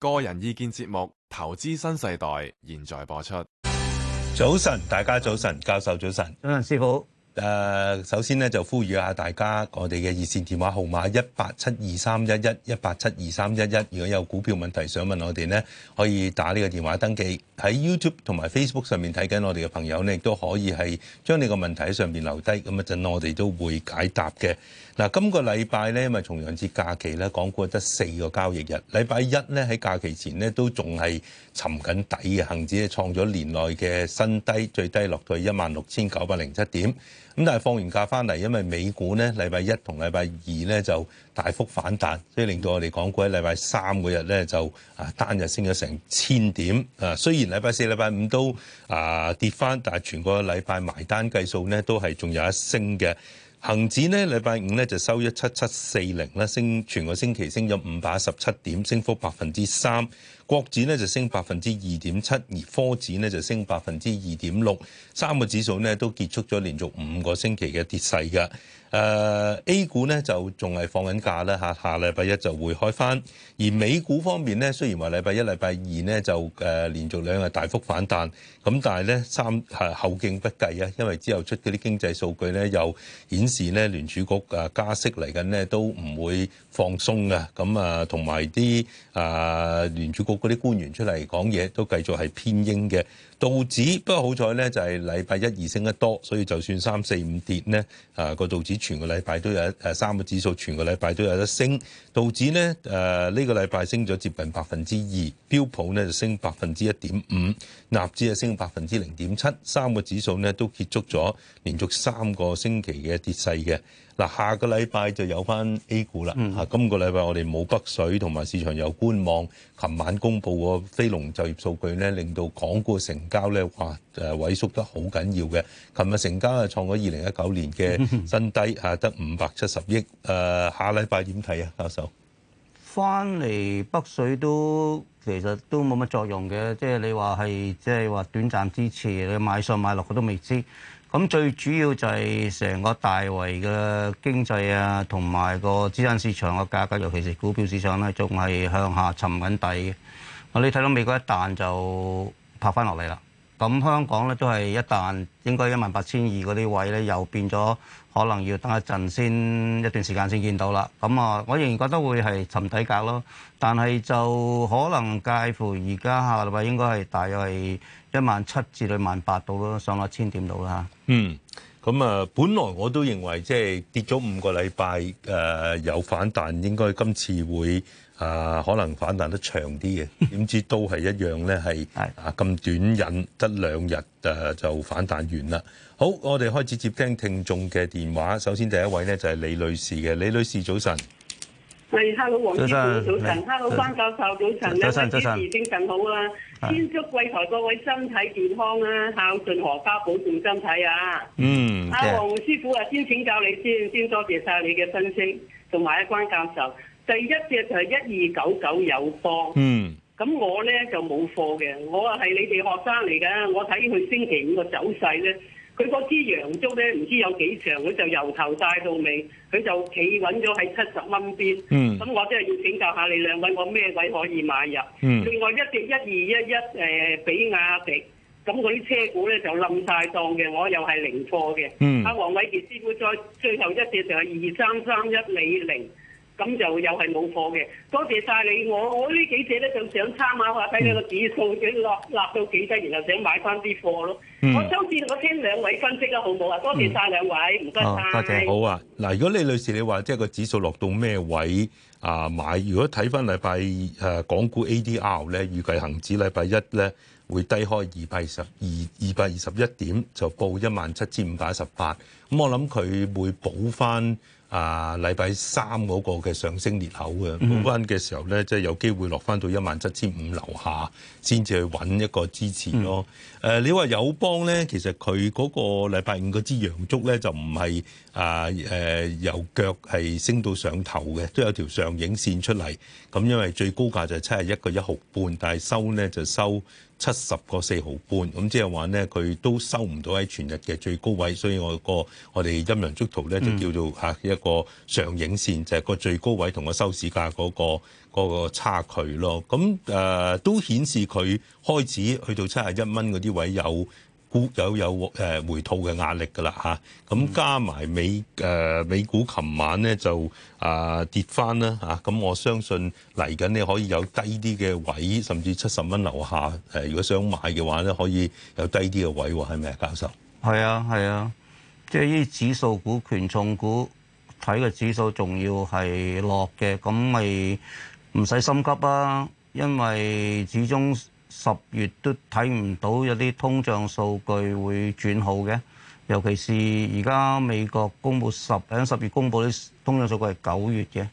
個人意見節目《投資新世代》現在播出。早晨，大家早晨，教授早晨，早晨，師傅。誒，首先咧就呼籲下大家，我哋嘅熱線電話號碼一八七二三一一一八七二三一一，如果有股票問題想問我哋呢，可以打呢個電話登記喺 YouTube 同埋 Facebook 上面睇緊我哋嘅朋友呢亦都可以係將你個問題喺上面留低，咁一陣我哋都會解答嘅。嗱，今個禮拜咧咪重陽節假期呢，港股得四個交易日。禮拜一呢，喺假期前呢，都仲係沉緊底嘅，恒指咧創咗年內嘅新低，最低落去一萬六千九百零七點。咁但係放完假返嚟，因為美股呢禮拜一同禮拜二呢就大幅反彈，所以令到我哋港股喺禮拜三嗰日呢就啊單日升咗成千點啊！雖然禮拜四、禮拜五都啊跌返，但係全個禮拜埋單計數呢都係仲有一升嘅。恒指呢禮拜五呢就收一七七四零咧，升全個星期升咗五百一十七點，升幅百分之三，國指咧就升百分之二點七，而科指咧就升百分之二點六，三個指數咧都結束咗連續五個星期嘅跌勢㗎。誒、uh, A 股咧就仲係放緊假啦嚇，下禮拜一就會開返。而美股方面咧，雖然話禮拜一、禮拜二咧就誒、uh, 連續兩日大幅反彈，咁但係咧三嚇後勁不繼啊，因為之後出嗰啲經濟數據咧又顯示咧聯儲局誒加息嚟緊咧都唔會放鬆嘅。咁啊，同埋啲啊聯儲局嗰啲官員出嚟講嘢都繼續係偏鷹嘅道指。不過好彩咧就係禮拜一、二升得多，所以就算三四五跌咧啊個道指。全個禮拜都有誒、呃、三個指數，全個禮拜都有得升，道指呢誒呢、呃這個禮拜升咗接近百分之二，標普呢就升百分之一點五，納指就升百分之零點七，三個指數呢都結束咗連續三個星期嘅跌勢嘅。嗱，下個禮拜就有翻 A 股啦。嚇、啊，今個禮拜我哋冇北水，同埋市場有觀望。琴晚公布個非農就業數據咧，令到港股成交咧，哇，誒萎縮得好緊要嘅。琴日成交啊，創咗二零一九年嘅新低嚇，得五百七十億。誒、啊，下禮拜點睇啊，教授？翻嚟北水都其實都冇乜作用嘅，即係你話係即係話短暫支持，你買上買落佢都未知。咁最主要就係成個大圍嘅經濟啊，同埋個資產市場嘅價格，尤其是股票市場咧，仲係向下沉緊底嘅。我你睇到美國一彈就拍翻落嚟啦。咁香港咧都係一旦應該一萬八千二嗰啲位咧又變咗，可能要等一陣先一段時間先見到啦。咁啊，我仍然覺得會係沉底價咯。但係就可能介乎而家下個禮拜應該係大約係。一萬七至到萬八度咯，上落千點度啦嚇。嗯，咁啊，本來我都認為即係、就是、跌咗五個禮拜，誒、呃、有反彈，應該今次會啊、呃、可能反彈得長啲嘅，點知都係一樣咧，係啊咁短癮得兩日誒就反彈完啦。好，我哋開始接聽聽眾嘅電話。首先第一位咧就係李女士嘅，李女士早晨。誒，hello 黃師傅早晨，hello 關教授早晨，早晨早晨，先生好啊。先祝貴台各位身體健康啊！孝順荷包保重身體啊！嗯、mm, yeah. 啊，阿黃師傅啊，先請教你先，先多謝晒你嘅分析同埋一關教授。第一隻就係一二九九友邦。Mm. 嗯，咁我咧就冇貨嘅，我啊係你哋學生嚟嘅，我睇佢星期五嘅走勢咧。佢嗰支陽燭咧，唔知有幾長，佢就由頭帶到尾，佢就企穩咗喺七十蚊邊。咁我真係要請教下你兩位，我咩位可以買入？ 另外一隻一二一一誒比亞迪，咁嗰啲車股咧就冧晒檔嘅，我又係零貨嘅。阿黃偉傑師傅再最後一隻就係二三三一李寧。咁就又係冇貨嘅。多謝晒你，我我幾呢幾隻咧就想參考下，睇你個指數跌落落到幾低，然後想買翻啲貨咯。嗯，我周謝我聽兩位分析嘅好唔好啊？多謝晒兩位，唔該曬。好啊，嗱，如果你女士你話即係個指數落到咩位啊買？如果睇翻禮拜誒港股 ADR 咧，預計恆指禮拜一咧會低開二百二十二二百二十一點，就報一萬七千五百一十八。咁我諗佢會補翻。啊！禮拜三嗰個嘅上升裂口嘅，冇翻嘅時候咧，即係有機會落翻到一萬七千五樓下，先至去揾一個支持咯。誒、嗯啊，你話友邦咧，其實佢嗰個禮拜五嗰支陽燭咧，就唔係。啊，誒、呃呃、由腳係升到上頭嘅，都有條上影線出嚟。咁因為最高價就係七十一個一毫半，但係收咧就收七十個四毫半。咁即係話咧，佢都收唔到喺全日嘅最高位，所以、那個、我個我哋陰陽燭圖咧就叫做嚇一個上影線，就係、是、個最高位同個收市價嗰、那個那個差距咯。咁誒、呃、都顯示佢開始去到七十一蚊嗰啲位有。股有有誒回吐嘅壓力嘅啦嚇，咁、啊、加埋美誒、呃、美股呢，琴晚咧就、呃、跌啊跌翻啦嚇，咁我相信嚟緊你可以有低啲嘅位，甚至七十蚊樓下誒、呃，如果想買嘅話咧，可以有低啲嘅位喎，係咪啊，教授？係啊係啊，即係呢啲指數股權重股睇嘅指數，仲要係落嘅，咁咪唔使心急啊，因為始終。十月都睇唔到有啲通脹數據會轉好嘅，尤其是而家美國公布十響十月公布啲通脹數據係九月嘅。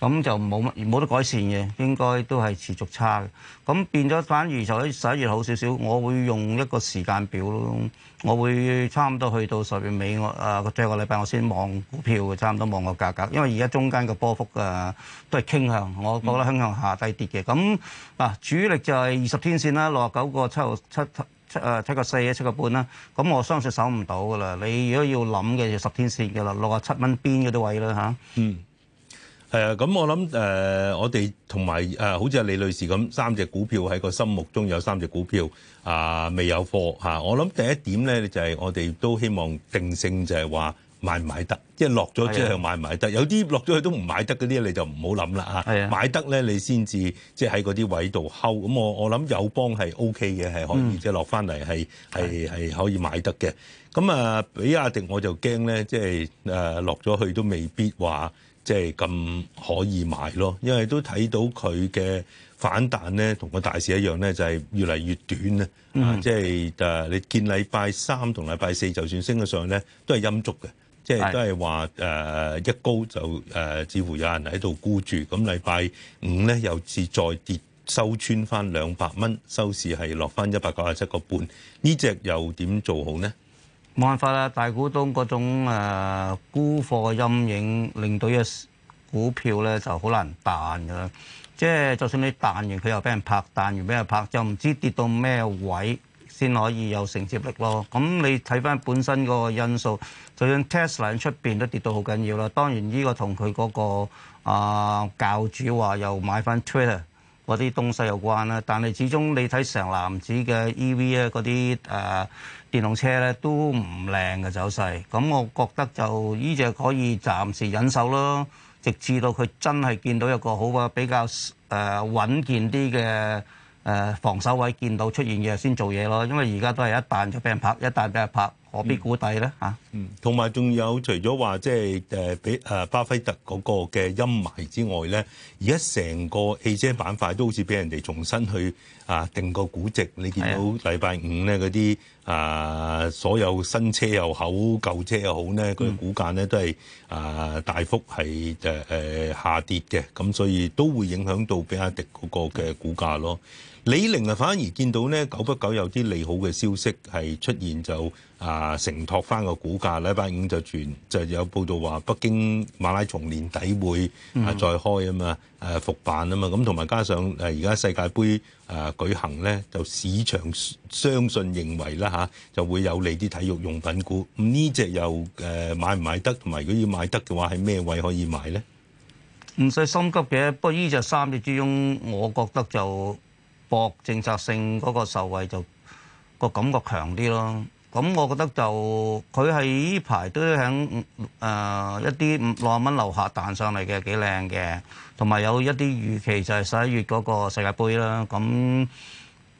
咁就冇乜冇得改善嘅，應該都係持續差嘅。咁變咗反而就喺十一月好少少。我會用一個時間表咯，我會差唔多去到十月尾，我啊最後個禮拜我先望股票，差唔多望個價格。因為而家中間個波幅啊都係傾向，我覺得傾向下低跌嘅。咁啊主力就係二十天線啦，六十九個七毫七七啊七個四啊七個半啦。咁我相信守唔到噶啦。你如果要諗嘅就十天線噶啦，六啊七蚊邊嗰啲位啦嚇。嗯。誒咁，我諗誒，我哋同埋誒，好似阿李女士咁，三隻股票喺個心目中有三隻股票啊，未有貨嚇。我諗第一點咧，就係我哋都希望定性就係話買唔買得，即係落咗之後買唔買得。有啲落咗去都唔買得嗰啲，你就唔好諗啦嚇。係啊，買得咧，你先至即係喺嗰啲位度睺。咁我我諗友邦係 OK 嘅，係可以即係落翻嚟係係係可以買得嘅。咁啊，比亞迪我就驚咧，即係誒落咗去都未必話。即係咁可以買咯，因為都睇到佢嘅反彈咧，同個大市一樣咧，就係、是、越嚟越短、mm hmm. 啊，即係誒，你見禮拜三同禮拜四就算升得上咧，都係陰燭嘅，即係都係話誒一高就誒、呃，似乎有人喺度沽住。咁禮拜五咧又似再跌收穿翻兩百蚊，收市係落翻一百九十七個半。呢隻又點做好咧？冇辦法啦，大股東嗰種誒沽貨陰影，令到一股票咧就好難彈㗎啦。即係就算你彈完，佢又俾人拍；彈完俾人拍，就唔知跌到咩位先可以有承接力咯。咁、嗯、你睇翻本身個因素，就算 Tesla 出邊都跌到好緊要啦。當然呢個同佢嗰個啊、呃、教主話又買翻 Twitter 嗰啲東西有關啦。但係始終你睇成籃子嘅 EV 啊，嗰啲誒。電動車咧都唔靚嘅走勢，咁我覺得就呢隻可以暫時忍手咯，直至到佢真係見到一個好啊比較誒穩健啲嘅誒防守位見到出現嘅先做嘢咯，因為而家都係一彈就俾人拍，一彈俾人拍。何必估低咧嚇？嗯，同埋仲有，除咗話，即係誒俾誒巴菲特嗰個嘅陰霾之外咧，而家成個汽車板塊都好似俾人哋重新去啊定個估值。你見到禮拜的五咧嗰啲啊所有新車又好，舊車又好咧，佢股價咧、嗯、都係啊大幅係誒誒下跌嘅。咁所以都會影響到比亞迪嗰個嘅股價咯。李寧啊，反而見到咧，久不久有啲利好嘅消息係出現就，就啊承托翻個股價咧。禮拜五就傳就有報道話北京馬拉松年底會啊再開啊嘛，誒復辦啊嘛。咁同埋加上誒而家世界盃誒、呃、舉行咧，就市場相信認為啦嚇、啊，就會有利啲體育用品股。咁呢隻又誒、呃、買唔買得？同埋如果要買得嘅話，係咩位可以買咧？唔使心急嘅，不過呢隻三隻之中，我覺得就～博政策性嗰個受惠就個感覺強啲咯，咁我覺得就佢係依排都喺誒、呃、一啲五六十蚊樓下彈上嚟嘅幾靚嘅，同埋有一啲預期就係十一月嗰個世界盃啦，咁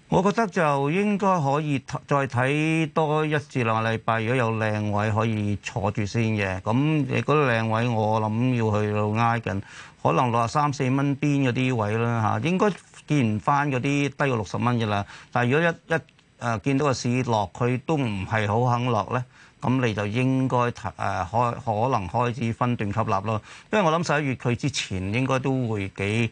我覺得就應該可以再睇多一至兩個禮拜，如果有靚位可以坐住先嘅，咁你嗰靚位我諗要去到挨緊。可能六十三四蚊邊嗰啲位啦吓，應該見唔翻嗰啲低過六十蚊嘅啦。但係如果一一誒、呃、見到個市落，佢都唔係好肯落咧，咁你就應該誒開、呃、可，可能開始分段吸納咯。因為我諗十一月佢之前應該都會幾。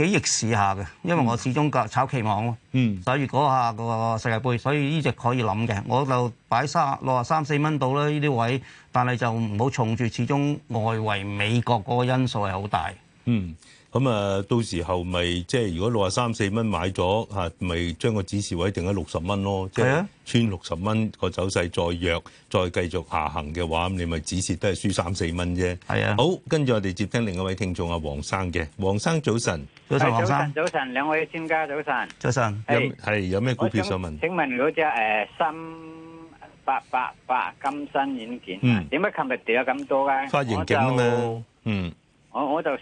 幾逆市下嘅，因為我始終架炒期望咯、嗯，所以嗰下個世界盃，所以呢只可以諗嘅，我就擺三六啊三四蚊度啦，呢啲位，但係就唔好重住，始終外圍美國嗰個因素係好大。嗯。咁啊，到時候咪即係如果六啊三四蚊買咗嚇，咪將個止蝕位定喺六十蚊咯。即係啊，穿六十蚊個走勢再弱，再繼續下行嘅話，咁你咪止蝕都係輸三四蚊啫。係啊，好，跟住我哋接聽另外一位聽眾啊，黃生嘅。黃生早晨。早晨黃生。早晨早晨，兩位專家早晨。早晨。係係，有咩股票想問？請問嗰隻誒三八八八金山軟件，點解琴日跌咗咁多㗎？發盈警啊嘛，嗯。我我就十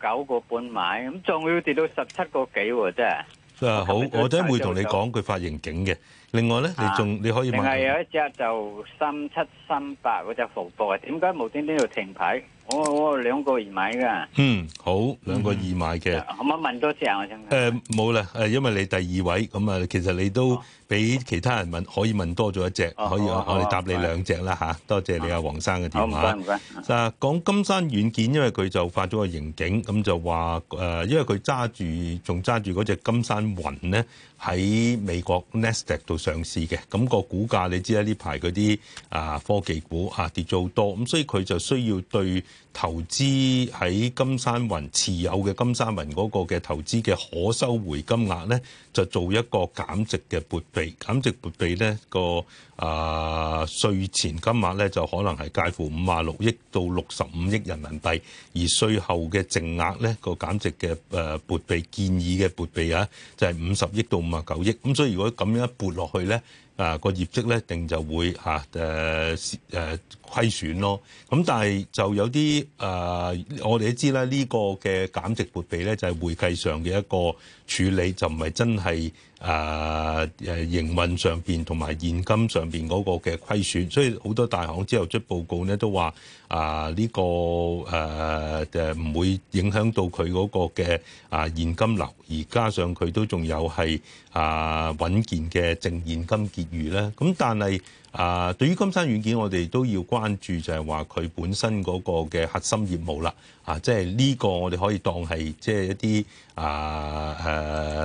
九個半買，咁仲要跌到十七個幾喎，真係。啊好，我都會同你講佢發型景嘅。另外咧，你仲你可以問。定係有一隻就三七三八嗰隻浮波啊？點解無端端要停牌？我我兩個二買㗎。嗯，好，兩個二買嘅。可唔可以問多隻啊？我想。誒冇啦，誒因為你第二位咁啊，其實你都。俾其他人問可以問多咗一隻，啊、可以、啊、我哋答你兩隻啦嚇，多謝你阿黃生嘅電話。唔該唔該。就講金山軟件，因為佢就發咗個盈警，咁就話誒、呃，因為佢揸住仲揸住嗰隻金山雲咧，喺美國 Nasdaq 度上市嘅，咁、那個股價你知啦，呢排嗰啲啊科技股啊跌咗好多，咁所以佢就需要對。投資喺金山雲持有嘅金山雲嗰個嘅投資嘅可收回金額呢，就做一個減值嘅撥備。減值撥備呢、嗰個啊稅、呃、前金額呢，就可能係介乎五啊六億到六十五億人民幣，而稅後嘅淨額呢，嗰個減值嘅誒撥備建議嘅撥備啊，就係五十億到五啊九億。咁所以如果咁樣一撥落去呢。啊，個業績咧定就會吓誒誒虧損咯。咁但係就有啲誒，我哋都知啦，呢個嘅減值撥備咧就係會計上嘅一個處理，就唔係真係。啊、呃！誒營運上邊同埋現金上邊嗰個嘅虧損，所以好多大行之後出報告咧都話：啊、呃、呢、這個誒誒唔會影響到佢嗰個嘅啊、呃、現金流，而加上佢都仲有係啊、呃、穩健嘅淨現金結餘咧。咁但係。啊，對於金山軟件，我哋都要關注，就係話佢本身嗰個嘅核心業務啦。啊，即係呢個我哋可以當係即係一啲啊誒、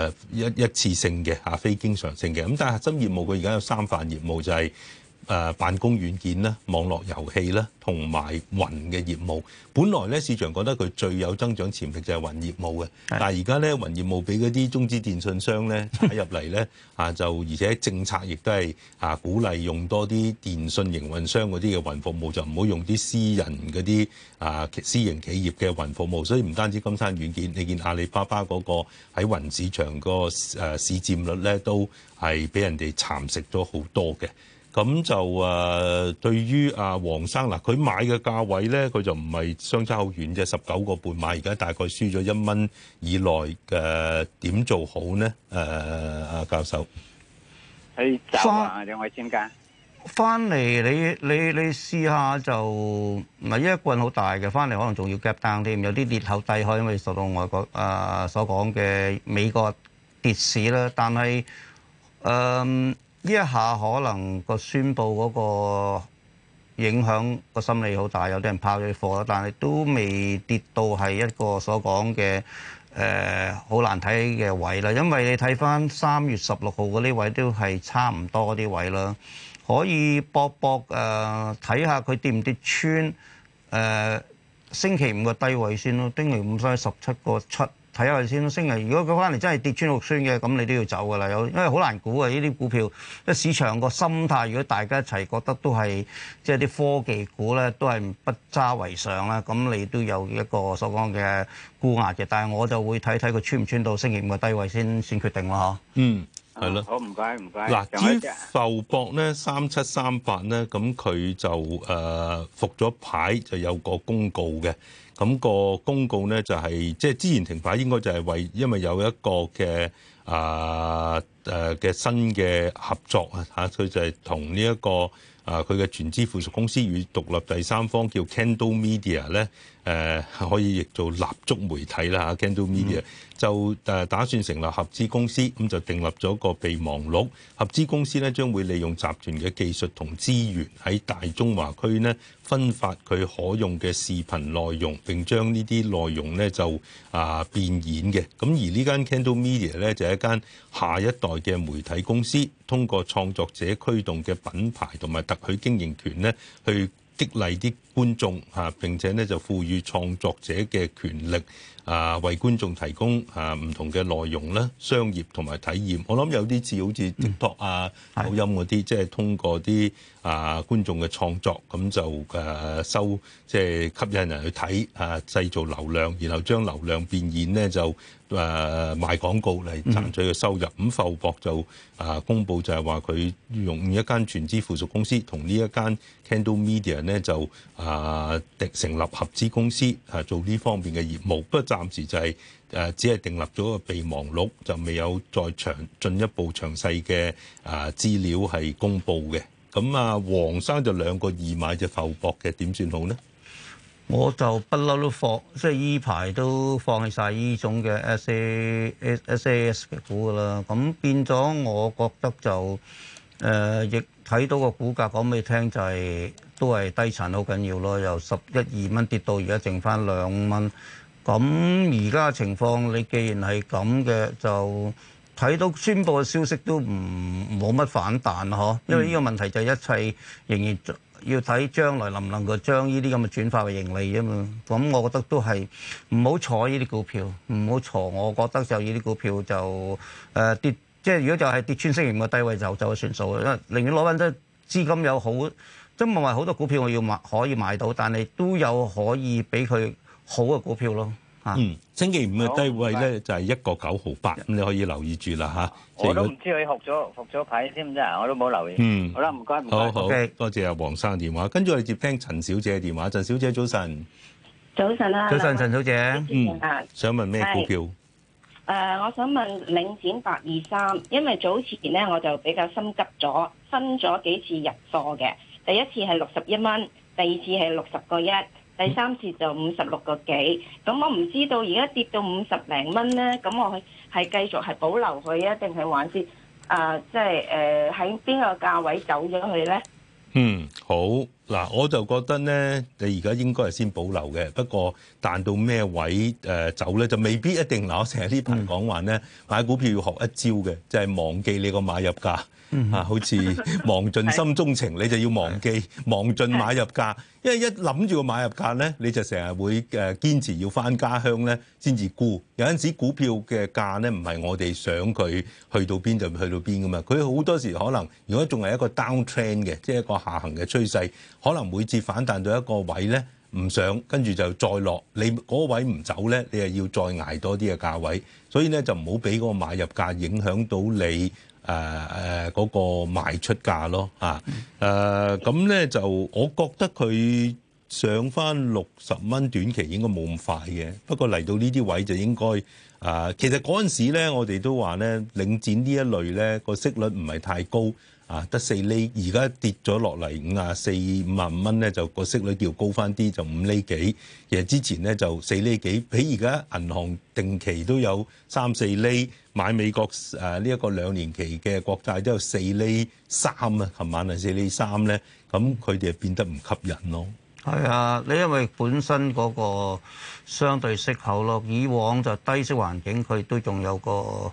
啊、一一次性嘅啊，非經常性嘅。咁但係核心業務佢而家有三塊業務就係、是。誒、呃、辦公軟件啦、網絡遊戲啦，同埋雲嘅業務。本來咧，市場覺得佢最有增長潛力就係雲業務嘅。的但係而家咧，雲業務俾嗰啲中資電信商咧打入嚟咧，啊就而且政策亦都係啊鼓勵用多啲電信營運商嗰啲嘅雲服務，就唔好用啲私人嗰啲啊私營企業嘅雲服務。所以唔單止金山軟件，你見阿里巴巴嗰個喺雲市場個誒市佔率咧，都係俾人哋蠶食咗好多嘅。咁就誒，對於阿黃生嗱，佢買嘅價位咧，佢就唔係相差好遠嘅，十九個半買，而家大概輸咗一蚊以內嘅，點做好呢？誒，阿教授，翻兩位專家？翻嚟你你你試下就唔係一棍好大嘅，翻嚟可能仲要 gap down 添，有啲裂口低開，因為受到外國啊所講嘅美國跌市啦，但係嗯。呢一下可能個宣佈嗰個影響個心理好大，有啲人拋咗啲貨啦，但係都未跌到係一個所講嘅誒好難睇嘅位啦。因為你睇翻三月十六號嗰啲位都係差唔多啲位啦，可以搏搏誒睇下佢跌唔跌穿誒、呃、星期五個低位先咯。星期五先十七個七。睇下先，星期五！如果佢翻嚟真係跌穿六酸嘅，咁你都要走噶啦，有因為好難估啊！呢啲股票，即市場個心態，如果大家一齊覺得都係即係啲科技股咧，都係不揸為上啦。咁你都有一個所講嘅估壓嘅。但係我就會睇睇佢穿唔穿到星期五嘅低位先，先決定咯。嚇，嗯，係咯。好唔該，唔該。嗱，啲富啦博咧，三七三八咧，咁佢就誒復咗牌，就有個公告嘅。咁個公告呢，就係，即係之前停牌應該就係為，因為有一個嘅啊誒、啊、嘅、啊、新嘅合作啊嚇，佢就係同呢一個啊佢嘅全資附屬公司與獨立第三方叫 Candle Media 咧誒，可以譯做蠟燭媒體啦、啊、嚇 Candle Media、嗯、就誒打算成立合資公司，咁就訂立咗個備忘錄。合資公司咧將會利用集團嘅技術同資源喺大中華區呢，分發佢可用嘅視頻內容，並將呢啲內容呢就啊變演嘅。咁而呢間 Candle Media 呢，就係、是、一間下一代嘅媒體公司，通過創作者驅動嘅品牌同埋特許經營權呢，去激勵啲觀眾嚇、啊，並且呢就賦予創作者嘅權力啊，為觀眾提供嚇唔、啊、同嘅內容啦、商業同埋體驗。我諗有啲似好似 TikTok 啊、嗯、口音嗰啲，即係通過啲。啊！觀眾嘅創作咁就誒、啊、收，即係吸引人去睇啊，製造流量，然後將流量變現咧就誒、啊、賣廣告嚟賺取嘅收入。咁，浮博就啊公佈就係話佢用一間全資附屬公司同一呢一間 Candle Media 咧就啊訂成立合資公司啊做呢方面嘅業務。不過暫時就係、是、誒、啊、只係訂立咗個備忘錄，就未有再長進一步詳細嘅啊資料係公佈嘅。咁啊，黃生就兩個二買隻浮薄嘅，點算好咧？我就不嬲都放，即係依排都放棄晒依種嘅 S A S S A S 嘅股㗎啦。咁變咗，我覺得就誒，亦、呃、睇到個股價講俾你聽、就係，就係都係低殘好緊要咯。由十一二蚊跌到而家剩翻兩蚊。咁而家嘅情況，你既然係咁嘅，就。睇到宣佈嘅消息都唔冇乜反彈嗬！因為呢個問題就係一切仍然要睇將來能唔能夠將呢啲咁嘅轉化為盈利啫嘛。咁、嗯、我覺得都係唔好坐呢啲股票，唔好鋤。我覺得就呢啲股票就誒、呃、跌，即係如果就係跌穿市盈嘅低位就就係算數。因為寧願攞翻啲資金有好，都唔係好多股票我要買可以買到，但係都有可以俾佢好嘅股票咯。嗯，星期五嘅低位咧就係一個九毫八，咁你可以留意住啦吓。我都唔知佢學咗復咗牌先唔知啊？我都冇留意。嗯，好啦，唔該唔該。好 Okay. 多謝阿黃生電話，跟住我哋接聽陳小姐嘅電話。陳小姐早晨，早晨安啦，早晨安陳小姐，嗯，想問咩股票？誒、呃，我想問領展八二三，因為早前咧我就比較心急咗，分咗幾次入貨嘅，第一次係六十一蚊，第二次係六十個一。第三次就五十六個幾，咁我唔知道而家跌到五十零蚊咧，咁我係繼續係保留佢啊，定係玩先？誒。 即係誒，喺邊個價位走咗去咧？嗯。 好嗱，我就覺得咧，你而家應該係先保留嘅。不過彈到咩位誒、呃、走咧，就未必一定嗱、呃。我成日呢排講話咧，買股票要學一招嘅，就係、係、忘記你個買入價啊，好似忘盡心中情， 你就要忘記忘 盡買入價。因為一諗住個買入價咧，你就成日會誒堅持要翻家鄉咧，先至沽。有陣時股票嘅價咧，唔係我哋想佢去到邊就去到邊噶嘛。佢好多時可能，如果仲係一個 down trend 嘅，即係一個下行嘅。趨勢可能每次反彈到一個位咧，唔上，跟住就再落。你嗰個位唔走咧，你又要再捱多啲嘅價位。所以咧就唔好俾嗰個買入價影響到你誒誒嗰個賣出價咯嚇。誒咁咧就我覺得佢上返六十蚊短期應該冇咁快嘅。不過嚟到呢啲位就應該誒、呃，其實嗰陣時咧我哋都話咧領展呢一類咧個息率唔係太高。啊，得四厘，而家跌咗落嚟五啊四五萬蚊咧，就個息率要高翻啲，就五厘幾。其實之前咧就四厘幾，比而家銀行定期都有三四厘，買美國誒呢一個兩年期嘅國債都有四厘三啊，琴晚係四厘三咧，咁佢哋就變得唔吸引咯。係啊，你因為本身嗰個相對息口咯，以往就低息環境佢都仲有個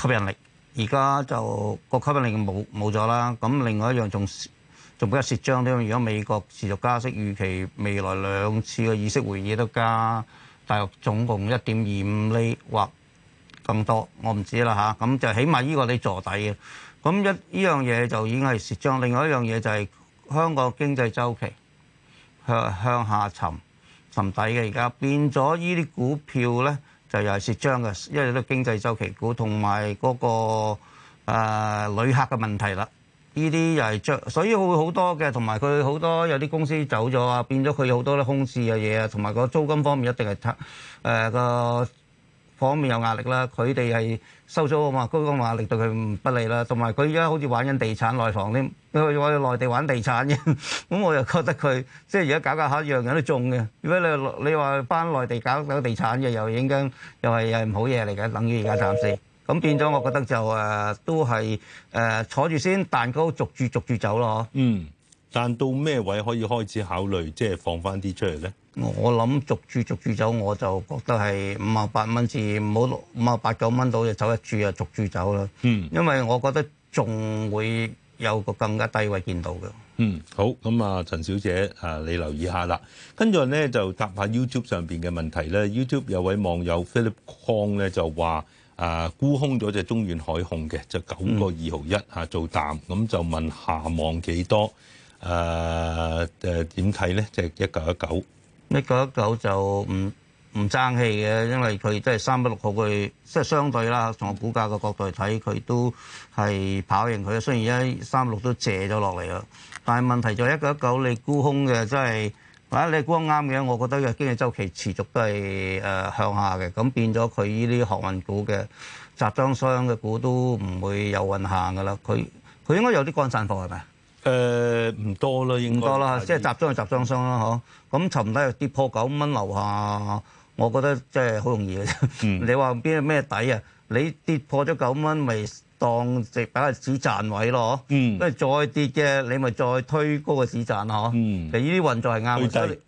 吸引力。而家就個吸引力冇冇咗啦，咁另外一樣仲仲比較蝕張添，如果美國持續加息，預期未來兩次嘅議息會議都加，大約總共一點二五厘或更多，我唔知啦吓，咁、啊、就起碼呢個你坐底嘅，咁一依樣嘢就已經係蝕張。另外一樣嘢就係、是、香港經濟周期向向下沉沉底嘅而家，變咗依啲股票咧。就又係蝕張嘅，因為都經濟週期股同埋嗰個、呃、旅客嘅問題啦。呢啲又係將，所以會好多嘅，同埋佢好多有啲公司走咗啊，變咗佢有好多啲空置嘅嘢啊，同埋個租金方面一定係差誒個。方面有壓力啦，佢哋係收租啊嘛，高通壓力對佢唔不利啦。同埋佢而家好似玩緊地產內房添，因為我哋內地玩地產嘅，咁我又覺得佢即係而家搞搞下，一樣樣都中嘅。如果你你話翻內地搞搞地產嘅，又應該又係又係唔好嘢嚟嘅，等於而家暫時。咁變咗，我覺得就誒都係誒坐住先，蛋糕逐住逐住走咯。嗯。但到咩位可以開始考慮，即係放翻啲出嚟咧？我諗逐注逐注走，我就覺得係五啊八蚊至冇五啊八九蚊到就走一注啊，逐注走啦。嗯，因為我覺得仲會有個更加低位見到嘅。嗯，好咁啊、嗯，陳小姐啊，你留意下啦。跟住咧就答下 YouTube 上邊嘅問題咧。YouTube 有位網友 Philip Kong 咧就話啊、呃、沽空咗隻中遠海控嘅，就九個二毫一啊做淡，咁就問下望幾多？誒誒點睇咧？就係一九一九，一九一九就唔唔爭氣嘅，因為佢都係三一六號佢，即係相對啦。從個股價嘅角度嚟睇，佢都係跑贏佢。雖然而家三六都借咗落嚟啦，但係問題就係一九一九你沽空嘅、就是，即係啊，你沽啱嘅。我覺得嘅經濟周期持續都係誒、呃、向下嘅，咁變咗佢呢啲航運股嘅集裝箱嘅股都唔會有運行噶啦。佢佢應該有啲乾散貨係咪？誒，唔多啦，應該即係集中嘅集裝商啦，嗬、嗯。咁沉底又跌破九蚊樓下，我覺得即係好容易嘅。嗯、你話邊個咩底啊？你跌破咗九蚊，咪當值把個市賺位咯，嗬、嗯。因為再跌嘅，你咪再推高個市賺咯，嗬、嗯。你呢啲運作係啱嘅，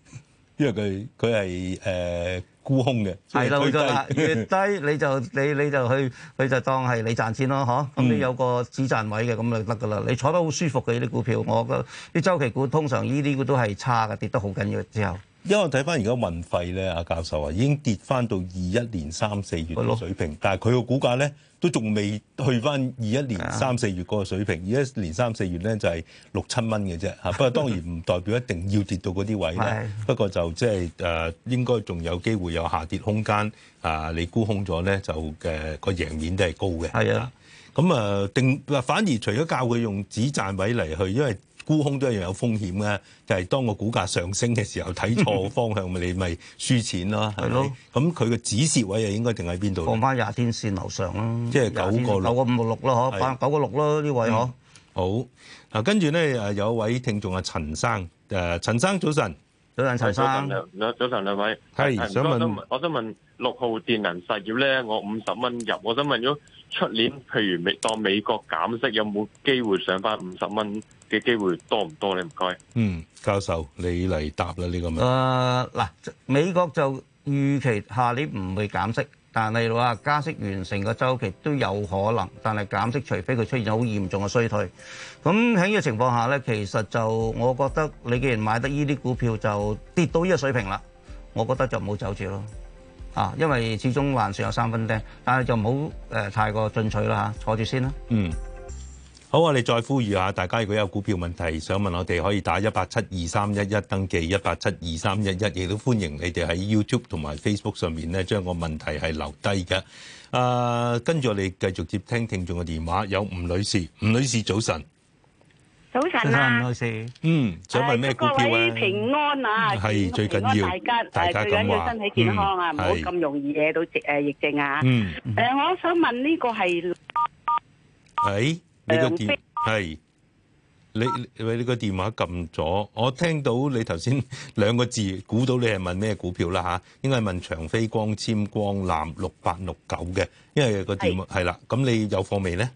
因為佢佢係誒。沽空嘅，係啦，去咗啦，越低你就你你就去，你就當係你賺錢咯，嚇咁 你有個止賺位嘅，咁就得噶啦。你坐得好舒服嘅呢啲股票，我覺得啲週期股通常呢啲股都係差嘅，跌得好緊要之後。因為我睇翻而家運費咧，阿教授話已經跌翻到二一年三四月水平，的但係佢個股價咧都仲未去翻二一年三四月嗰個水平。二一的年三四月咧就係六七蚊嘅啫，嚇！ 不過當然唔代表一定要跌到嗰啲位啦。的不過就即係誒，應該仲有機會有下跌空間。啊、呃，你沽空咗咧就嘅個、呃、贏面都係高嘅。係的啊，咁啊定反而除咗教佢用止賺位嚟去，因為。沽空都一樣有風險嘅，就係當個股價上升嘅時候睇錯方向，咪你咪輸錢咯。係咯，咁佢嘅止蝕位啊，應該定喺邊度？放翻廿天線樓上啦。即係九個留個五十六啦，嗬，九個六咯呢位嗬。好嗱，跟住咧誒有位聽眾啊，陳生誒，陳生早晨，早晨陳生，早晨兩位，係想問，我想問六號電能實業咧，我五十蚊入，我想問咗。出年譬如美當美國減息，有冇機會上返五十蚊嘅機會多唔多咧？唔該，嗯，教授你嚟答啦呢個問題。誒嗱，美國就預期下年唔會減息，但係話加息完成個週期都有可能，但係減息除非佢出現好嚴重嘅衰退。咁喺呢個情況下咧，其實就我覺得你既然買得呢啲股票就跌到呢個水平啦，我覺得就唔好走住咯。啊，因為始終還是有三分鐘，但係就唔好誒太過進取啦嚇、啊，坐住先啦。嗯，好啊，你再呼籲下大家，如果有股票問題想問我哋，可以打一八七二三一一登記，一八七二三一一，亦都歡迎你哋喺 YouTube 同埋 Facebook 上面咧將個問題係留低嘅。誒、啊，跟住我哋繼續接聽聽眾嘅電話，有吳女士，吳女士早晨。早晨啊，嗯，想問咩股票啊？各位平安啊，係最緊要，大家大家咁話，係，身體健康啊，唔好咁容易惹到疫誒疫症啊。嗯，誒，我想問呢個係，係，長飛，係，你喂，你個電話撳咗，我聽到你頭先兩個字，估到你係問咩股票啦吓？應該係問長飛光纖、光纜六八六九嘅，因為個電話係啦，咁你有貨未咧？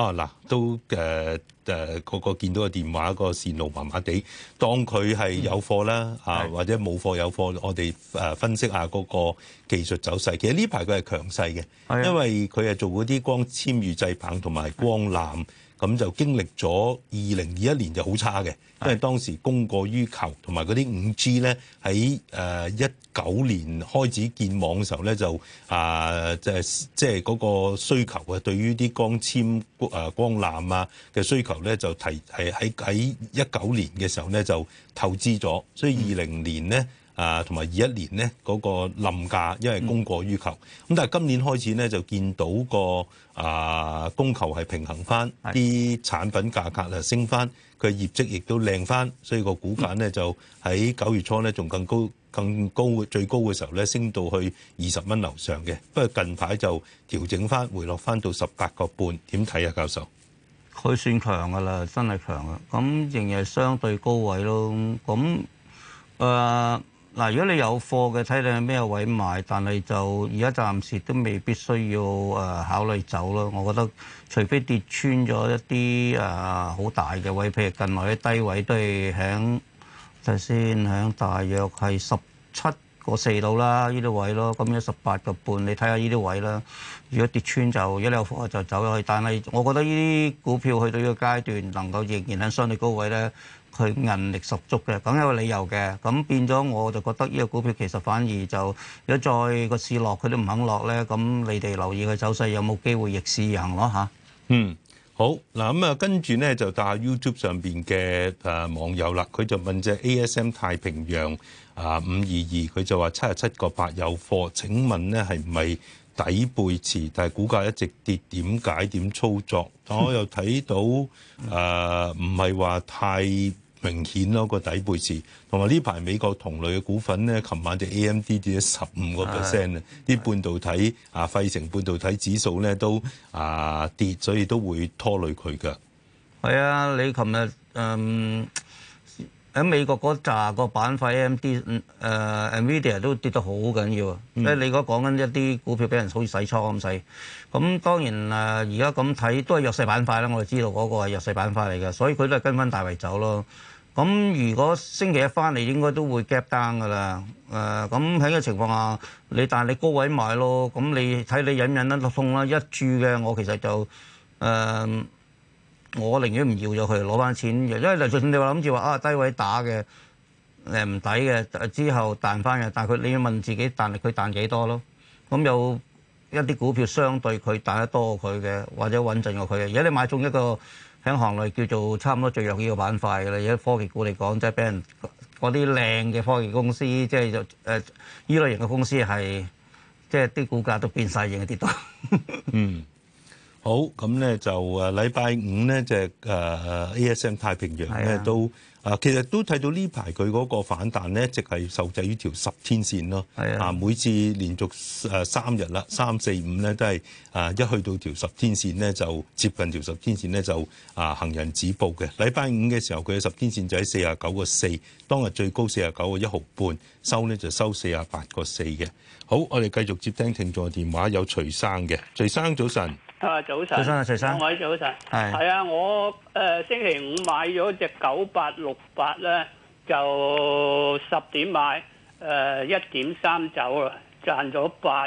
啊！嗱，都誒誒，個、呃、個見到個電話個線路麻麻地，當佢係有貨啦、嗯、啊，或者冇貨有貨，我哋誒分析下嗰個技術走勢。其實呢排佢係強勢嘅，的因為佢係做嗰啲光纖預製棒同埋光纜。咁就經歷咗二零二一年就好差嘅，因為當時供過於求，同埋嗰啲五 G 咧喺誒一九年開始建網嘅時候咧就啊，即係即係嗰個需求啊，對於啲光纖啊、呃、光纜啊嘅需求咧就提係喺喺一九年嘅時候咧就投資咗，所以二零年咧。嗯。啊，同埋二一年咧嗰個冧價，因為供過於求。咁但係今年開始咧就見到個啊供求係平衡翻，啲產品價格啊升翻，佢業績亦都靚翻，所以個股價咧就喺九月初咧仲更高更高，最高嘅時候咧升到去二十蚊樓上嘅。不過近排就調整翻回落翻到十八個半，點睇啊，教授？佢算強噶啦，真係強呀。咁仍然係相對高位咯。咁啊～嗱，如果你有貨嘅，睇你係咩位賣，但係就而家暫時都未必需要誒考慮走咯。我覺得除非跌穿咗一啲誒好大嘅位，譬如近來啲低位都係喺，就先喺大約係十七個四度啦，呢啲位咯，咁樣十八個半，你睇下呢啲位啦。如果跌穿就一你有貨就走咗去，但係我覺得呢啲股票去到呢個階段，能夠仍然喺相對高位咧。佢韌力十足嘅，梗有個有理由嘅。咁變咗我就覺得呢個股票其實反而就如果再個市落佢都唔肯落咧，咁你哋留意佢走勢有冇機會逆市贏咯吓，嗯，好嗱咁啊，跟住咧就打吓 YouTube 上邊嘅誒網友啦，佢就問隻 ASM 太平洋啊五二二，佢就話七十七個八有貨。請問咧係唔係底背馳？但係股價一直跌，點解？點操作？ 我又睇到誒唔係話太。明顯咯個底背馳，同埋呢排美國同類嘅股份咧，琴晚就 AMD 跌咗十五個 percent 啊！啲的半導體的啊，費城半導體指數咧都啊跌，所以都會拖累佢噶。係啊，你琴日誒喺美國嗰扎個板塊 AMD 誒、呃、NVIDIA 都跌得好緊要，即係你講講緊一啲股票俾人好似洗倉咁洗。咁當然誒，而家咁睇都係弱勢板塊啦。我哋知道嗰個係弱勢板塊嚟嘅，所以佢都係跟翻大圍走咯。咁如果星期一翻嚟應該都會 gap down 噶啦，誒咁喺呢個情況下，你但係你高位買咯，咁你睇你忍忍得啦，痛啦，一注嘅我其實就誒、呃，我寧願唔要咗佢攞翻錢嘅，因為就算你話諗住話啊低位打嘅誒唔抵嘅，之後彈翻嘅，但係佢你要問自己彈佢彈幾多咯？咁有一啲股票相對佢彈得多佢嘅，或者穩陣過佢嘅，而家你買中一個，喺行內叫做差唔多最弱嘅一個板塊嘅啦，而家科技股嚟講，即係俾人嗰啲靚嘅科技公司，即係就誒依類型嘅公司係，即係啲股價都變曬型嘅跌到。 嗯，好，咁咧就誒禮拜五咧就誒、係呃、ASM 太平洋咧的都。啊，其實都睇到呢排佢嗰個反彈呢，一直係受制於條十天線咯。係的啊，每次連續誒三日啦，三四五呢都係啊，一去到條十天線呢，就接近條十天線呢，就啊行人止步嘅。禮拜五嘅時候，佢嘅十天線就喺四十九個四，當日最高四十九個一毫半，收呢就收四十八個四嘅。好，我哋繼續接聽聽眾電話，有徐生嘅，徐生，早晨。係啊，早晨，早晨啊，徐生，各位早晨，係晨，係晨啊，我誒、呃、星期五買咗隻九八六八咧，就十點買，誒一點三走啦，賺咗八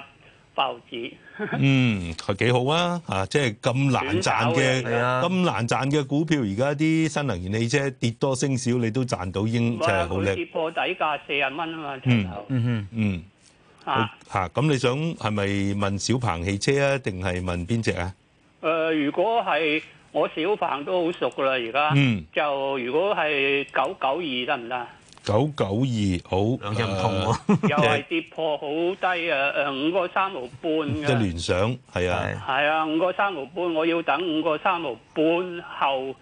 爆紙。 嗯，係幾好啊！嚇、啊，即係咁難賺嘅，咁難賺嘅股票，而家啲新能源汽車跌多升少，你都賺到，應即係好叻。跌破底價四廿蚊啊嘛，嗯嗯嗯。啊嚇！咁你想係咪問小鵬汽車啊，定係問邊隻啊？誒，如果係我小鵬都好熟噶啦，而家嗯，就如果係九九二得唔得？九九二好，兩隻又唔同喎，又係跌破好低誒誒五個三毫半嘅，即係聯想係啊，係啊，五個三毫半，我要等五個三毫半後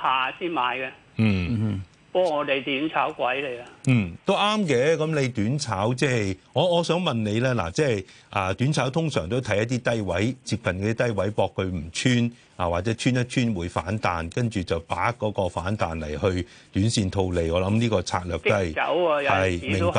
下先買嘅，嗯。幫我哋短炒鬼你、啊、啦，嗯，都啱嘅。咁你短炒即係、就是，我我想問你咧，嗱，即係啊，短炒通常都睇一啲低位，接近啲低位搏佢唔穿啊，或者穿一穿會反彈，跟住就把嗰個反彈嚟去短線套利。我諗呢個策略都係係，啊、係明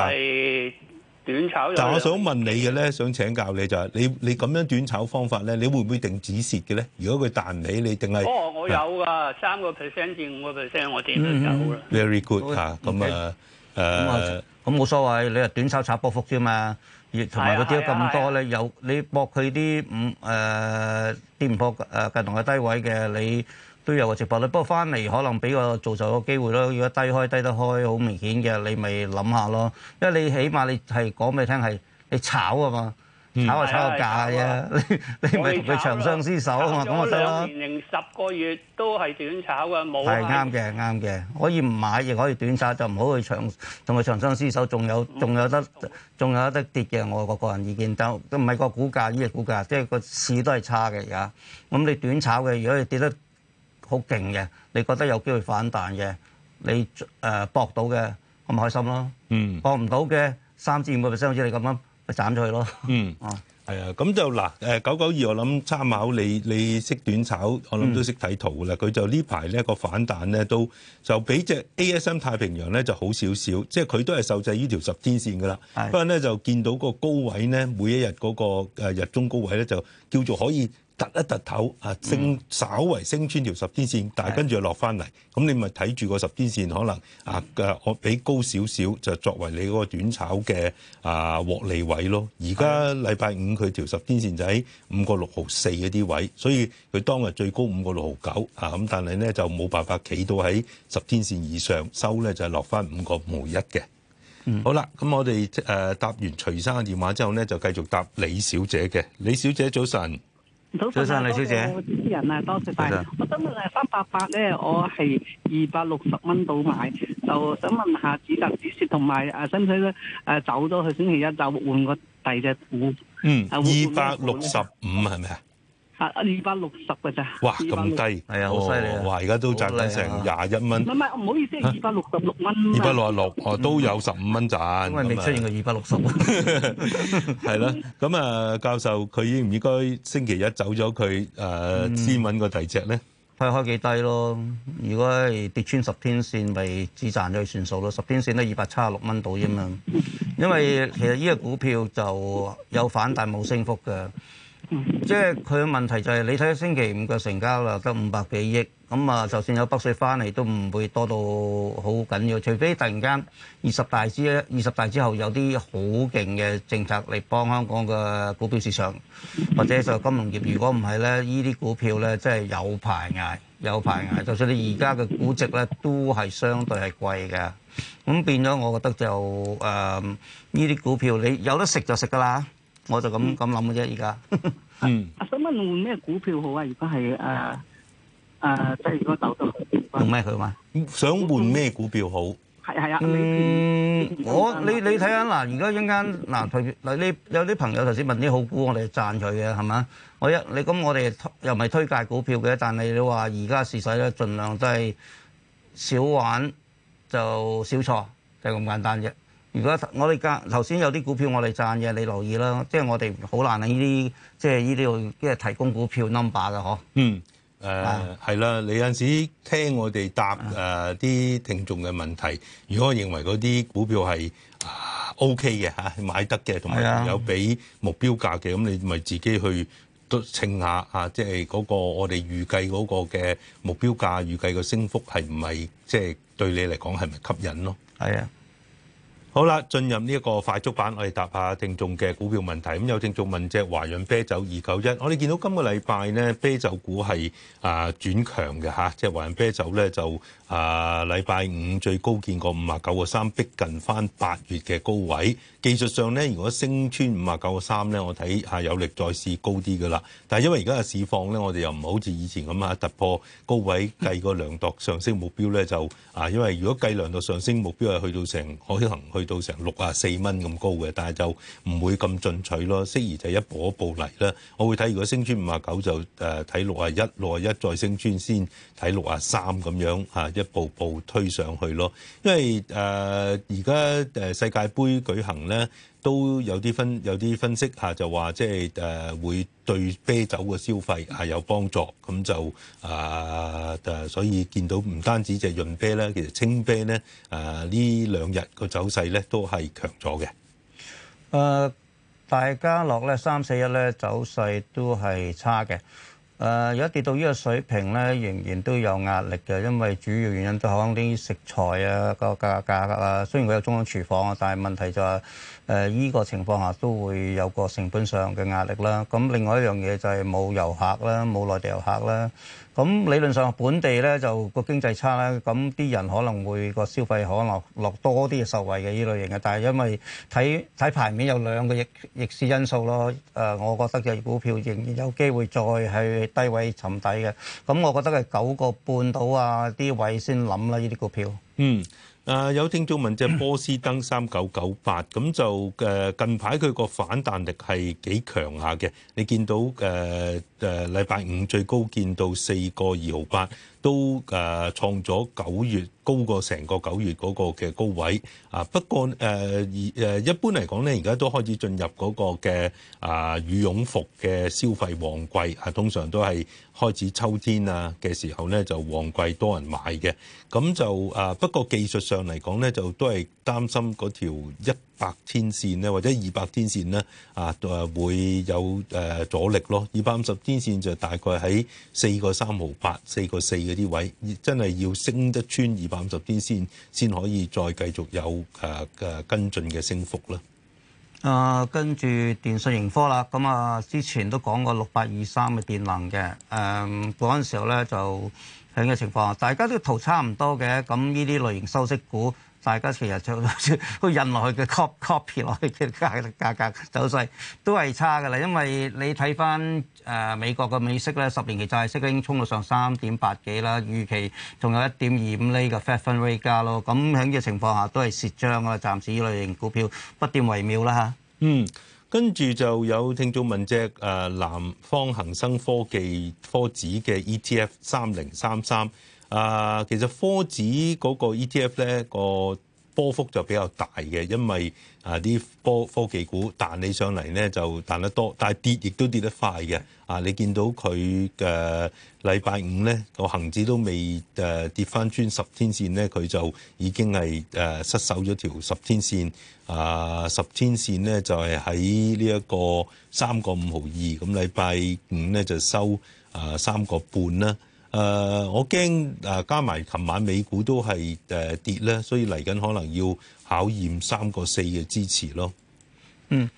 白。短炒，但係我想問你嘅咧，想請教你就係你你咁樣短炒方法咧，你會唔會定止蝕嘅咧？如果佢彈起，你定係哦，我有㗎，三個 percent 至五個 percent，我定咗走啦。Very good 嚇，咁啊誒，咁冇所謂，你係短炒炒波幅啫嘛，而同埋嗰啲咁多咧，有你搏佢啲五誒跌破誒隔籬同嘅低位嘅你。都有個值博率，不過翻嚟可能俾個造就個機會咯。如果低開低得開，好明顯嘅，你咪諗下咯。因為你起碼你係講俾你聽係你炒啊嘛，炒啊炒個價啫。你你咪同佢長相廝守啊嘛，咁咪得咯。年零十個月都係短炒啊，冇。係啱嘅，啱嘅，可以唔買亦可以短炒，就唔好去長同佢長相廝守。仲有仲有得仲有得跌嘅，我個個人意見。但都唔係個股價，呢個股價即係個市都係差嘅。而家咁你短炒嘅，如果你跌得。好勁嘅，你覺得有機會反彈嘅，你誒搏、呃、到嘅，咁開心、嗯、咯。嗯，搏唔到嘅三至五個 percent，好似你咁樣，咪斬咗佢咯。嗯，係啊。咁就嗱誒，九九二我諗參考你，你識短炒，我諗都識睇圖嘅啦。佢、嗯、就呢排呢個反彈咧，都就比隻 ASM 太平洋咧就好少少，即係佢都係受制於條十天線嘅啦。的不過咧就見到個高位咧，每一日嗰個誒日中高位咧，就叫做可以。突一凸頭啊，升稍為升穿條十天線，但係跟住落翻嚟，咁的你咪睇住個十天線可能啊嘅，我、啊、比高少少就作為你嗰個短炒嘅啊獲利位咯。而家禮拜五佢條十天線就喺五個六毫四嗰啲位，所以佢當日最高五個六毫九啊，咁但係咧就冇辦法企到喺十天線以上收咧，就係、是、落翻五個五毫一嘅。嗯的，好啦，咁我哋誒答完徐生嘅電話之後咧，就繼續答李小姐嘅。李小姐早晨。早晨，李小姐。我啲人啊，多謝晒。上我想問啊，三百八咧，我係二百六十蚊到買，就想問下主任先生，同埋啊，需唔需要啊，走咗去星期一就換個第二隻股？啊、股嗯，二百六十五係咪啊？二百六十嘅咋？哇，咁低，係啊，好犀利啊！哇，而家都賺得成廿一蚊。唔係唔好意思，二百六十六蚊。二百六十六，我都有十五蚊賺。因為未出現過二百六十蚊。係 咯、 啊，咁、嗯、啊，教授佢應唔應該星期一走咗佢誒先揾個第二隻咧？睇下開幾低咯。如果係跌穿十天線，咪只賺咗算數咯。十天線都二百七十六蚊到啫嘛。因為其實呢個股票就有反彈冇升幅嘅。即係佢嘅問題就係你睇星期五嘅成交啦，得五百幾億，咁啊，就算有北水翻嚟都唔會多到好緊要。除非突然間二十大之二十大之後有啲好勁嘅政策嚟幫香港嘅股票市場，或者就金融業。如果唔係呢，呢啲股票呢，真係有排挨，有排挨。就算你而家嘅估值呢，都係相對係貴嘅，咁變咗，我覺得就誒呢啲股票你有得食就食噶啦。我就咁咁諗嘅啫，而家。嗯。 想問換咩股票好啊？而家係誒誒，即係如果走咗，換咩佢嘛？想換咩股票好？係係啊。我你你睇下嗱，而家一陣間嗱，佢嗱，你，你，看看、呃呃呃、你有啲朋友頭先問啲好股，我哋讚佢嘅係嘛？我一你咁，我哋又唔係推介股票嘅，但係你話而家事實咧，盡量都係少玩就少錯，就咁、係、簡單啫。如果我哋今頭先有啲股票我哋賺嘅，你留意啦。即係我哋好難喺呢啲，即係呢啲度即係提供股票 number 嘅嗬，嗯，誒係啦。你有陣時聽我哋答誒啲、呃、聽眾嘅問題，如果我認為嗰啲股票係、啊、OK 嘅嚇，買得嘅同埋有俾目標價嘅，咁的你咪自己去都稱下嚇，即係嗰個我哋預計嗰個嘅目標價預計個升幅係唔係即係對你嚟講係咪吸引咯？係啊。好啦，進入呢一個快速版，我哋答下聽眾嘅股票問題。咁有聽眾問隻華潤啤酒二九一，我哋見到今個禮拜咧，啤酒股係啊轉強嘅嚇、啊，即係華潤啤酒咧就。啊！禮拜五最高見過五十九個三，逼近翻八月嘅高位。技術上咧，如果升穿五十九個三咧，我睇下有力再試高啲噶啦。但係因為而家嘅市況咧，我哋又唔好似以前咁啊突破高位計個量度上升目標咧，就啊因為如果計量度上升目標係去到成可能去到成六十四蚊咁高嘅，但係就唔會咁進取咯，適宜就一步一步嚟啦。我會睇如果升穿五十九就誒睇六十一，六十一再升穿先睇六十三咁樣吓。一步步推上去咯，因為誒而家誒世界杯舉行咧，都有啲分有啲分析吓，就話即係誒會對啤酒嘅消費係有幫助，咁就誒、呃、所以見到唔單止就潤啤咧，其實清啤咧誒呢兩日個走勢咧都係強咗嘅。誒、呃，大家樂咧，三四日咧走勢都係差嘅。誒，而家跌到呢個水平咧，仍然都有壓力嘅，因為主要原因都係啲食材啊個價價格啊，雖然佢有中央廚房啊，但係問題就係、是。誒，依個情況下都會有個成本上嘅壓力啦。咁另外一樣嘢就係冇遊客啦，冇內地遊客啦。咁理論上本地咧就個經濟差啦。咁啲人可能會個消費可能落，落多啲受惠嘅依類型嘅。但係因為睇睇牌面有兩個逆逆市因素咯。誒，我覺得嘅股票仍然有機會再去低位沉底嘅。咁我覺得係九個半到啊啲位先諗啦，呢啲股票。嗯。啊！Uh, 有聽眾問隻波司登三九九八，咁就誒近排佢個反彈力係幾強下嘅，你見到誒誒禮拜五最高見到四個二毫八。都誒創咗九月，高過成個九月嗰個嘅高位啊！不過誒而誒一般嚟講咧，而家都開始進入嗰個嘅啊羽絨服嘅消費旺季啊，通常都係開始秋天啊嘅時候咧，就旺季多人買嘅，咁就啊，不過技術上嚟講咧，就都係擔心嗰條一百天線咧，或者二百天線咧，啊，會有誒、呃、阻力咯。二百五十天線就大概喺四個三毫八、四個四嗰啲位，真係要升得穿二百五十天線，先可以再繼續有誒嘅、啊啊、跟進嘅升幅啦。誒、啊，跟住電訊盈科啦，咁、嗯、啊，之前都講過六八二三嘅電能嘅誒，嗰、嗯、陣時候咧就響嘅情況，大家都圖差唔多嘅。咁呢啲類型收息股。大家其實做都印落去嘅 cop copy 落去嘅價格價格走勢都係差㗎啦，因為你睇返誒美國嘅美息咧，十年期債息已經衝到上三點八幾啦，預期仲有一點二五厘嘅 fed fund rate 加咯，咁喺呢個情況下都係蝕張，我哋暫時呢類型股票不變為妙啦嚇。嗯，跟住就有聽眾問隻南方恒生科技科指嘅 ETF 三零三三。啊，其實科指嗰個 ETF 咧個波幅就比較大嘅，因為啊啲科科技股彈起上嚟咧就彈得多，但係跌亦都跌得快嘅。啊，你見到佢嘅禮拜五咧個恒指都未誒跌翻穿十天線咧，佢就已經係誒失守咗條十天線。啊，十天線咧就係喺呢一個三個五毫二咁，禮拜五咧就收啊三個半啦。誒，uh, 我驚誒、啊、加埋，琴晚美股都係誒、uh, 跌咧，所以嚟緊可能要考驗三個四嘅支持咯。嗯，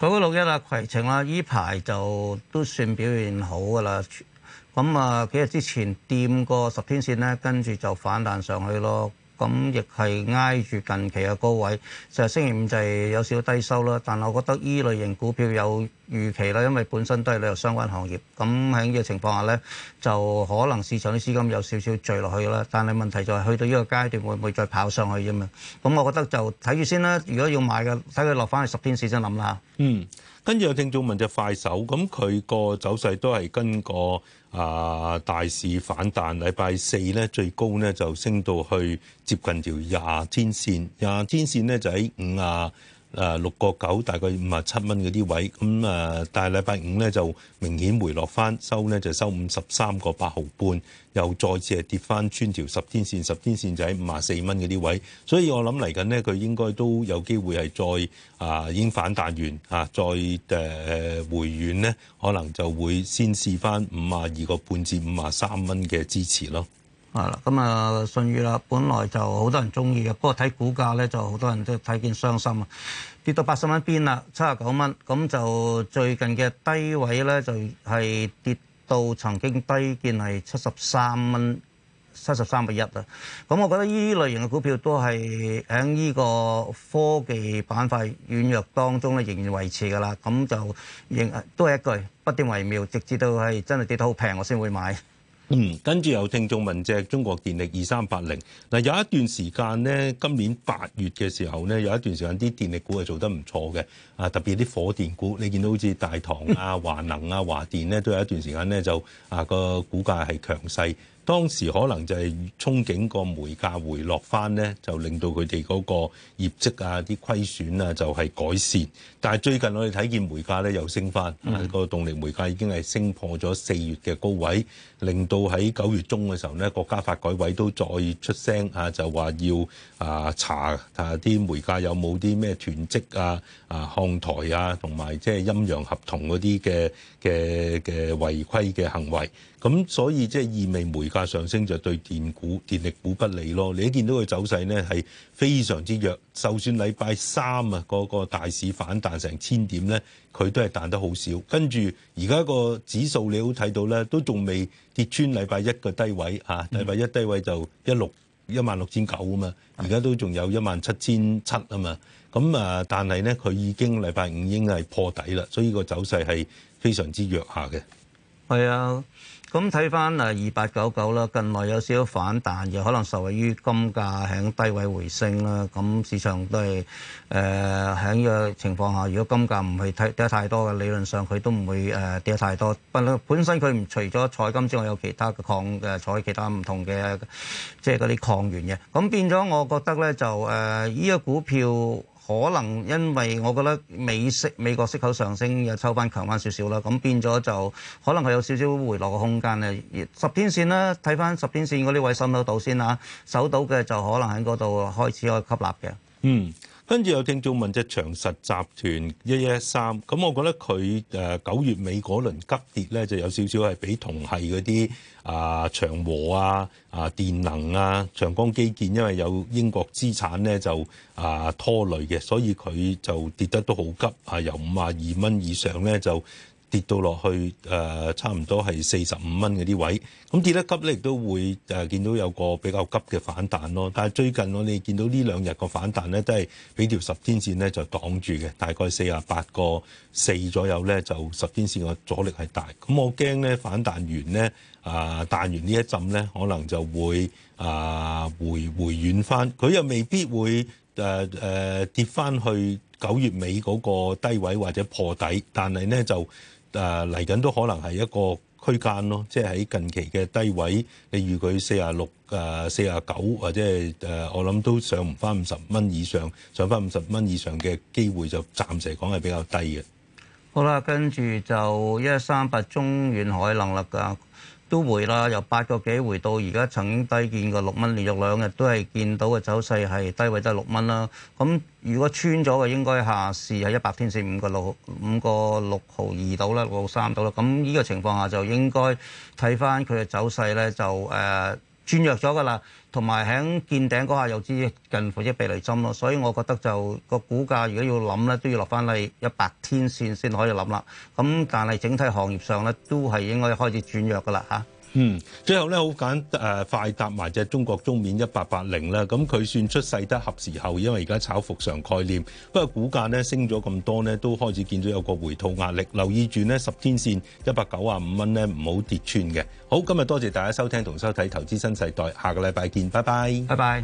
九九六一啊，攜程啦，依排就都算表現好噶啦。咁啊，幾日之前掂過十天線咧，跟住就反彈上去咯。咁亦係挨住近期嘅高位，就係星期五就有少少低收啦。但係我覺得依類型股票有預期啦，因為本身都係旅遊相關行業。咁喺呢個情況下咧，就可能市場啲資金有少少墜落去啦。但係問題就係、是、去到呢個階段會唔會再跑上去啫嘛？咁我覺得就睇住先啦。如果要買嘅，睇佢落翻去十天線先諗啦。嗯，跟住有聽眾問隻快手，咁佢個走勢都係跟個。啊！大市反彈，禮拜四咧最高咧就升到去接近條廿天線，廿天線咧就喺五啊，誒六個九，9，大概五啊七蚊嗰啲位咁誒，但係禮拜五咧就明顯回落翻，收咧就收五十三個八毫半，又再次係跌翻穿條十天線，十天線就喺五啊四蚊嗰啲位，所以我諗嚟緊呢，佢應該都有機會係再啊應反彈完嚇、啊，再誒、uh，回軟呢，可能就會先試翻五啊二個半至五啊三蚊嘅支持咯。係啦，咁啊、嗯、信譽啦，本來就好多人中意嘅，不過睇股價咧就好多人都睇見傷心啊，跌到八十蚊邊啦，七啊九蚊，咁就最近嘅低位咧就係、是、跌到曾經低見係七十三蚊，七十三個一啦。咁我覺得呢類型嘅股票都係喺呢個科技板塊軟弱當中咧仍然維持噶啦，咁就仍都係一句不跌為妙，直至到係真係跌到好平我先會買。嗯，跟住有聽眾問隻中國電力二三八零嗱，有一段時間咧，今年八月嘅時候咧，有一段時間啲電力股係做得唔錯嘅啊，特別啲火電股，你見到好似大唐啊、華能啊、華電咧，都有一段時間咧就啊、嗰個股價係強勢。當時可能就係憧憬個煤價回落返咧，就令到佢哋嗰個業績啊、啲虧損啊，就係、是、改善。但係最近我哋睇見煤價咧又升返，個、嗯、動力煤價已經係升破咗四月嘅高位，令到喺九月中嘅時候咧，國家發改委都再出聲啊，就話要啊查啊啲煤價有冇啲咩囤積啊、啊哄抬啊，同埋即係陰陽合同嗰啲嘅嘅嘅違規嘅行為。咁所以即係意味煤價上升就對電股、電力股不利咯。你一見到佢走勢呢係非常之弱。就算禮拜三啊，嗰個大市反彈成千點呢，佢都係彈得好少。跟住而家個指數你好睇到呢，都仲未跌穿禮拜一個低位啊。禮拜一低位就一六一萬六千九啊嘛，而家都仲有一萬七千七啊嘛。咁啊，但係呢，佢已經禮拜五已經係破底啦，所以個走勢係非常之弱下嘅。係啊。咁睇翻誒二八九九啦，99，近來有少少反彈，又可能受惠於金價喺低位回升啦。咁市場都係誒喺呢個情況下，如果金價唔係跌跌得太多嘅，理論上佢都唔會誒跌得太多。不過本本身佢唔除咗採金之外，有其他嘅礦誒採其他唔同嘅即係嗰啲礦源嘅。咁變咗，我覺得咧就誒呢、呃這個股票。可能因為我覺得美息美國息口上升又抽翻強翻少少啦，咁變咗就可能係有少少回落嘅空間咧。十天線啦，睇翻十天線嗰啲位守得到先啊，守到嘅就可能喺嗰度開始可以吸納嘅。嗯。跟住有聽眾問隻長實集團，一一一三，咁我覺得佢誒九月尾嗰輪急跌咧，就有少少係畀同系嗰啲啊長和啊啊電能啊長江基建，因為有英國資產咧就啊拖累嘅，所以佢就跌得都好急啊，由五啊二蚊以上咧就。跌到落去誒、呃，差唔多係四十五蚊嗰啲位，咁、嗯、跌得急咧，亦都會誒、呃、見到有個比較急嘅反彈咯。但係最近我哋見到兩呢兩日個反彈咧，都係俾條十天線咧就擋住嘅，大概四啊八個四左右咧，就十天線個阻力係大。咁我驚咧反彈完咧。啊！彈、呃、完呢一陣咧，可能就會啊、呃、回回軟翻。佢又未必會誒誒、呃呃、跌翻去九月尾嗰個低位或者破底，但係咧就誒嚟緊都可能係一個區間咯。即係喺近期嘅低位，你預佢四啊六啊四啊九，49，或者誒、呃、我諗都上唔翻五十蚊以上，上翻五十蚊以上嘅機會就暫時嚟講係比較低嘅。好啦，跟住就一三八中遠海能啦。都回啦，由八個幾回到而家曾經低見過六蚊，連續兩日都係見到嘅走勢係低位都，就係六蚊啦。咁如果穿咗嘅，應該下試喺一百天線五個六五個六毫二到啦，六毫三到啦。咁呢個情況下就應該睇翻佢嘅走勢咧，就誒轉弱咗㗎啦。同埋喺見頂嗰下又支近乎一避雷針咯，所以我覺得就個股價如果要諗咧，都要落翻嚟一百天線先可以諗啦。咁但係整體行業上咧，都係應該開始轉弱噶啦嚇。嗯，最後咧好簡誒快、呃、答埋隻中國中免一八八零啦，咁佢算出世得合時候，因為而家炒復常概念，不過股價咧升咗咁多呢都開始見到有個回吐壓力，留意住呢十天線一百九啊五蚊呢唔好跌穿嘅。好，今日多謝大家收聽同收睇《投資新世代》，下個禮拜見，拜拜，拜拜。